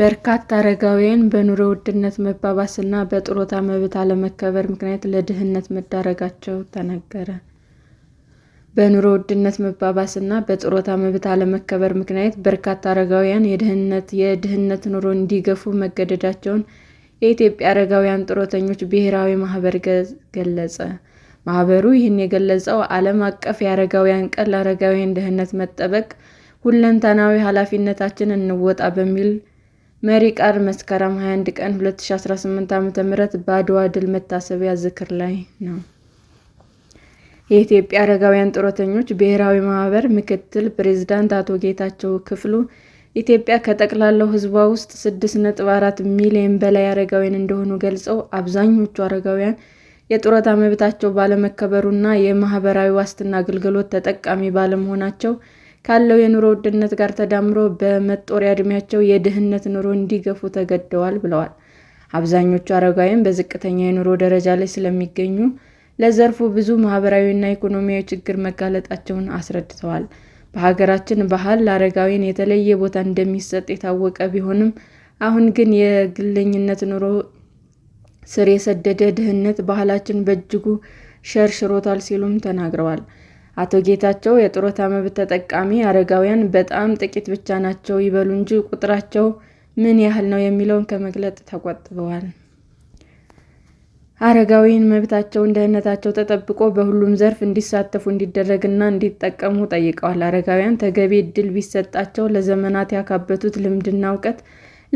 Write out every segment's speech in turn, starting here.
በርካታ አረጋውያን በኑሮ ውድነት መባባስ እና በጡረታ መብት አለመከበር ምክንያት ለድህነት መዳረጋቸው ተነገረ። በኑሮ ውድነት መባባስ እና በጡረታ መብት አለመከበር ምክንያት በርካታ አረጋውያን የድህነት ኑሮ እንዲገፉ መገደዳቸውን የኢትዮጵያ አረጋውያን ጡረተኞች ብሔራዊ ማህበር ገለጸ። ማህበሩ ይህን የገለጸው ዓለም አቀፍ የአረጋውያን ቀን ለአረጋውያን ደህንነት መጠበቅ ሁለንተናዊ ኃላፊነታችን እንወጣ በሚል መሪ ቃል መስከረም 21 ቀን 2018 ዓ.ም በአድዋ ድል መታሰቢያ ዝክር ላይ ነው። የኢትዮጵያ አረጋውያን ጡረተኞች ብሔራዊ ማህበር ምክትል ፕሬዝዳንት አቶ ጌታቸው ክፍሉ ኢትዮጵያ ከጠቅላላው ሕዝቧ ውስጥ 6.4 ሚሊዮን በላይ አረጋውያን እንደሆኑ ገልጸው፣ አብዛኞቹ አረጋውያን የጡረታ መብታቸው ባለመከበሩና የማህበራዊ ዋስትና አገልግሎት ተጠቃሚ ባለመሆናቸው ካለው የኑሮ ውድነት ጋር ተዳምሮ በመጦሪያ ዕድሜያቸው የድህነት ኑሮ እንዲገፉ ተገደዋል ብለዋል። አብዛኞቹ አረጋውያን በዝቅተኛ የኑሮ ደረጃ ላይ ስለሚገኙ ለዘርፉ ብዙ ማህበራዊና ኢኮኖሚያዊ ችግር መጋለጣቸውን አስረድተዋል። በሀገራችን ባህል ለአረጋውያን የተለየ ቦታ እንደሚሰጥ የታወቀ ቢሆንም አሁን ግን የግለኝነት ኑሮ ስር የሰደደ ድህነት ባህላችን በእጅጉ ሸርሽሮታል ሲሉም ተናግረዋል። አቶ ጌታቸው የጡረታ መብት ተጠቃሚ አረጋውያን በጣም ጥቂት ብቻ ናቸው ይበሉ እንጂ ቁጥራቸው ምን ያህል ነው የሚለውን ከመግለጽ ተቆጥበዋል። አረጋዊን መብታቸውን፣ ደህንነታቸው ተጠብቆ በሁሉም ዘርፍ እንዲሳተፉ እንዲደረግና እንዲጠቀሙ ጠይቀዋል። አረጋውያን ተገቢ እድል ቢሰጣቸው ለዘመናት ያካበቱት ልምድና እውቀት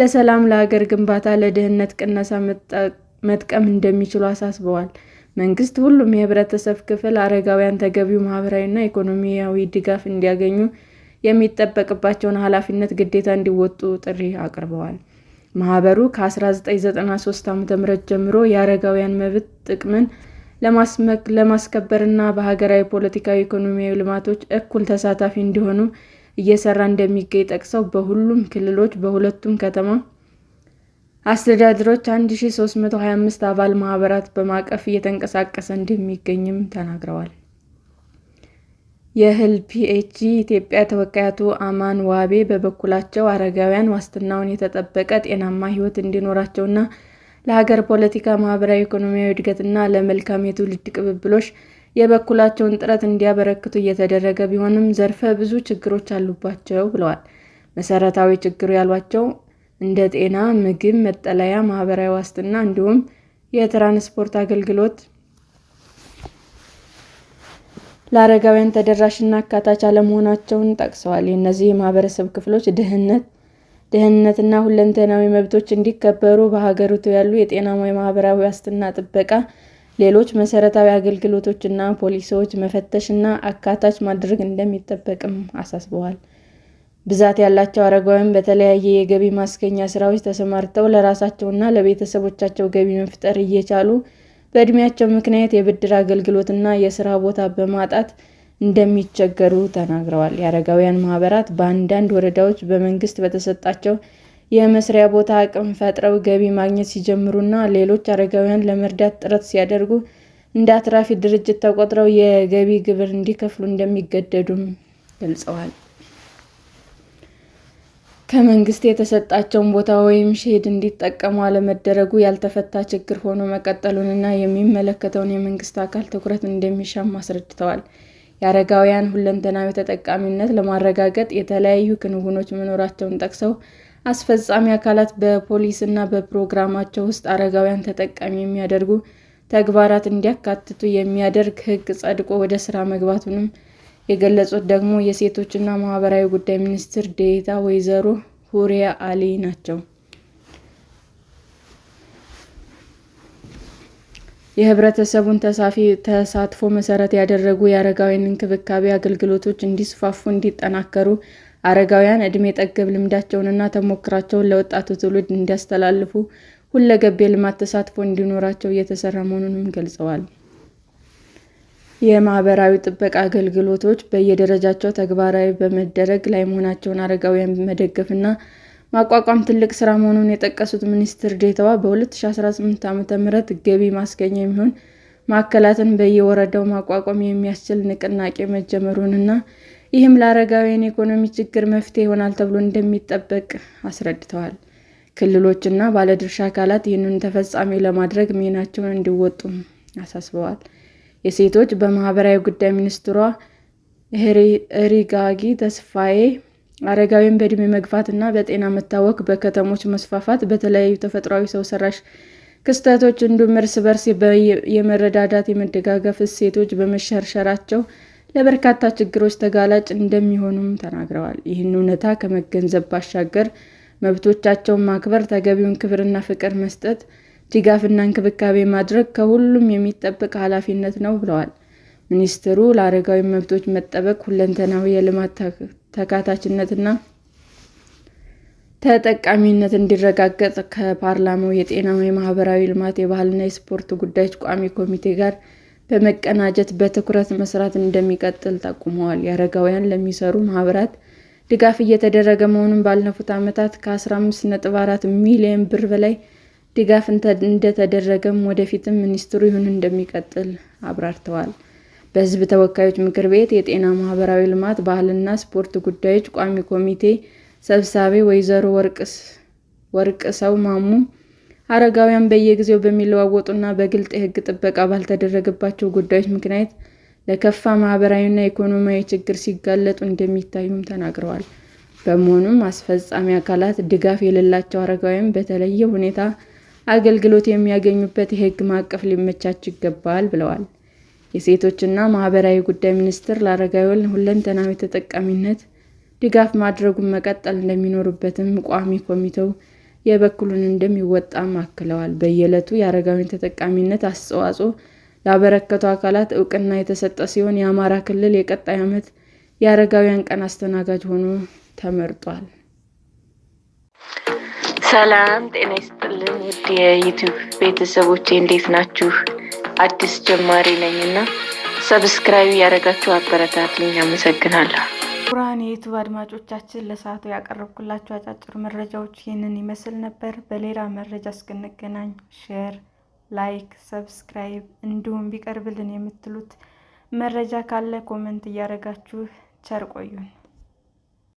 ለሰላም፣ ለሀገር ግንባታ፣ ለድህነት ቅነሳ መጥቀም እንደሚችሉ አሳስበዋል። መንግስት ሁሉም የህብረተሰብ ክፍል አረጋውያን ተገቢው ማኅበራዊና ኢኮኖሚያዊ ድጋፍ እንዲያገኙ የሚጠበቅባቸውን ኃላፊነት ግዴታ እንዲወጡ ጥሪ አቅርበዋል። ማህበሩ ከ1993 ዓ.ም ጀምሮ የአረጋውያን መብት ጥቅምን ለማስከበርና በሀገራዊ ፖለቲካዊ፣ ኢኮኖሚያዊ ልማቶች እኩል ተሳታፊ እንዲሆኑ እየሰራ እንደሚገኝ ጠቅሰው በሁሉም ክልሎች በሁለቱም ከተማ አስተዳደሮች 1325 አባል ማህበራት በማቀፍ እየተንቀሳቀሰ እንደሚገኝም ተናግረዋል። ፒኤችጂ ኢትዮጵያ ተወካይ አቶ አማን ዋቤ በበኩላቸው አረጋውያን ዋስትናውን የተጠበቀ ጤናማ ሕይወት እንዲኖራቸውና ለሀገር ፖለቲካ፣ ማህበራዊ ኢኮኖሚያዊ እድገትና ለመልካም የትውልድ ቅብብሎች የበኩላቸውን ጥረት እንዲያበረክቱ እየተደረገ ቢሆንም ዘርፈ ብዙ ችግሮች አሉባቸው ብለዋል። መሠረታዊ ችግሩ ያሏቸው እንደ ጤና፣ ምግብ፣ መጠለያ፣ ማህበራዊ ዋስትና እንዲሁም የትራንስፖርት አገልግሎት ለአረጋውያን ተደራሽና አካታች አለመሆናቸውን ጠቅሰዋል። የእነዚህ የማህበረሰብ ክፍሎች ደህንነትና ሁለንተናዊ መብቶች እንዲከበሩ በሀገሪቱ ያሉ የጤና፣ የማህበራዊ ዋስትና ጥበቃ፣ ሌሎች መሰረታዊ አገልግሎቶችና ፖሊሲዎች መፈተሽና አካታች ማድረግ እንደሚጠበቅም አሳስበዋል። ብዛት ያላቸው አረጋውያን በተለያየ የገቢ ማስገኛ ስራዎች ተሰማርተው ለራሳቸውና ለቤተሰቦቻቸው ገቢ መፍጠር እየቻሉ በእድሜያቸው ምክንያት የብድር አገልግሎትና የስራ ቦታ በማጣት እንደሚቸገሩ ተናግረዋል። የአረጋውያን ማህበራት በአንዳንድ ወረዳዎች በመንግስት በተሰጣቸው የመስሪያ ቦታ አቅም ፈጥረው ገቢ ማግኘት ሲጀምሩና ሌሎች አረጋውያን ለመርዳት ጥረት ሲያደርጉ እንደ አትራፊ ድርጅት ተቆጥረው የገቢ ግብር እንዲከፍሉ እንደሚገደዱም ገልጸዋል። ከመንግስት የተሰጣቸውን ቦታ ወይም ሼድ እንዲጠቀሙ አለመደረጉ ያልተፈታ ችግር ሆኖ መቀጠሉንና የሚመለከተውን የመንግስት አካል ትኩረት እንደሚሻም አስረድተዋል። የአረጋውያን ሁለንተናዊ ተጠቃሚነት ለማረጋገጥ የተለያዩ ክንውኖች መኖራቸውን ጠቅሰው፣ አስፈጻሚ አካላት በፖሊሲና በፕሮግራማቸው ውስጥ አረጋውያን ተጠቃሚ የሚያደርጉ ተግባራት እንዲያካትቱ የሚያደርግ ሕግ ጸድቆ ወደ ስራ መግባቱንም የገለጹት ደግሞ የሴቶችና ማህበራዊ ጉዳይ ሚኒስትር ዴኤታ ወይዘሮ ሁሪያ አሊ ናቸው። የህብረተሰቡን ተሳትፎ መሰረት ያደረጉ የአረጋውያን እንክብካቤ አገልግሎቶች እንዲስፋፉ፣ እንዲጠናከሩ፣ አረጋውያን እድሜ ጠገብ ልምዳቸውንና ተሞክራቸውን ለወጣቱ ትውልድ እንዲያስተላልፉ ሁለገብ የልማት ተሳትፎ እንዲኖራቸው እየተሰራ መሆኑንም ገልጸዋል። የማህበራዊ ጥበቃ አገልግሎቶች በየደረጃቸው ተግባራዊ በመደረግ ላይ መሆናቸውን አረጋውያንን መደገፍና ማቋቋም ትልቅ ስራ መሆኑን የጠቀሱት ሚኒስትር ዴኤታዋ፣ በ2018 ዓ.ም ገቢ ማስገኛ የሚሆን ማዕከላትን በየወረዳው ማቋቋም የሚያስችል ንቅናቄ መጀመሩንና ይህም ለአረጋውያን የኢኮኖሚ ችግር መፍትሄ ይሆናል ተብሎ እንደሚጠበቅ አስረድተዋል። ክልሎችና ባለድርሻ አካላት ይህንን ተፈጻሚ ለማድረግ ሚናቸውን እንዲወጡም አሳስበዋል። የሴቶች በማህበራዊ ጉዳይ ሚኒስትሯ ሪጋጊ ተስፋዬ አረጋዊን በእድሜ መግፋት እና በጤና መታወክ፣ በከተሞች መስፋፋት፣ በተለያዩ ተፈጥሯዊ ሰው ሰራሽ ክስተቶች እንዲሁም እርስ በርስ የመረዳዳት የመደጋገፍ እሴቶች በመሸርሸራቸው ለበርካታ ችግሮች ተጋላጭ እንደሚሆኑም ተናግረዋል። ይህን እውነታ ከመገንዘብ ባሻገር መብቶቻቸውን ማክበር፣ ተገቢውን ክብርና ፍቅር መስጠት ድጋፍና እንክብካቤ ማድረግ ከሁሉም የሚጠበቅ ኃላፊነት ነው ብለዋል ሚኒስትሩ። ለአረጋዊ መብቶች መጠበቅ ሁለንተናዊ የልማት ተካታችነትና ተጠቃሚነት እንዲረጋገጥ ከፓርላማው የጤና፣ የማህበራዊ ልማት፣ የባህልና የስፖርት ጉዳዮች ቋሚ ኮሚቴ ጋር በመቀናጀት በትኩረት መስራት እንደሚቀጥል ጠቁመዋል። የአረጋውያን ለሚሰሩ ማህበራት ድጋፍ እየተደረገ መሆኑን ባለፉት ዓመታት ከ15.4 ሚሊዮን ብር በላይ ድጋፍ እንደተደረገም ወደፊትም ሚኒስትሩ ይሁን እንደሚቀጥል አብራርተዋል። በሕዝብ ተወካዮች ምክር ቤት የጤና፣ ማህበራዊ ልማት፣ ባህልና ስፖርት ጉዳዮች ቋሚ ኮሚቴ ሰብሳቢ ወይዘሮ ወርቅሰው ማሙ አረጋውያን በየጊዜው በሚለዋወጡና በግልጽ የሕግ ጥበቃ ባልተደረገባቸው ጉዳዮች ምክንያት ለከፋ ማህበራዊና ኢኮኖሚያዊ ችግር ሲጋለጡ እንደሚታዩም ተናግረዋል። በመሆኑም አስፈጻሚ አካላት ድጋፍ የሌላቸው አረጋውያን በተለየ ሁኔታ አገልግሎት የሚያገኙበት የሕግ ማዕቀፍ ሊመቻች ይገባል ብለዋል። የሴቶችና ማኅበራዊ ጉዳይ ሚኒስቴር ለአረጋውያን ሁለንተናዊ ተጠቃሚነት ድጋፍ ማድረጉን መቀጠል እንደሚኖርበትም ቋሚ ኮሚቴው የበኩሉን እንደሚወጣም አክለዋል። በየዕለቱ የአረጋውያን ተጠቃሚነት አስተዋጽኦ ላበረከቱ አካላት እውቅና የተሰጠ ሲሆን የአማራ ክልል የቀጣይ ዓመት የአረጋውያን ቀን አስተናጋጅ ሆኖ ተመርጧል። ሰላም ጤና ይስጥልን። ውድ የዩቲዩብ ቤተሰቦቼ እንዴት ናችሁ? አዲስ ጀማሪ ነኝ እና ሰብስክራይብ ያደረጋችሁ አበረታትልኝ። አመሰግናለሁ። ቁራን የዩቱብ አድማጮቻችን ለሰዓቱ ያቀረብኩላችሁ አጫጭር መረጃዎች ይህንን ይመስል ነበር። በሌላ መረጃ እስክንገናኝ ሼር፣ ላይክ፣ ሰብስክራይብ እንዲሁም ቢቀርብልን የምትሉት መረጃ ካለ ኮመንት እያደረጋችሁ ቸር ቆዩን።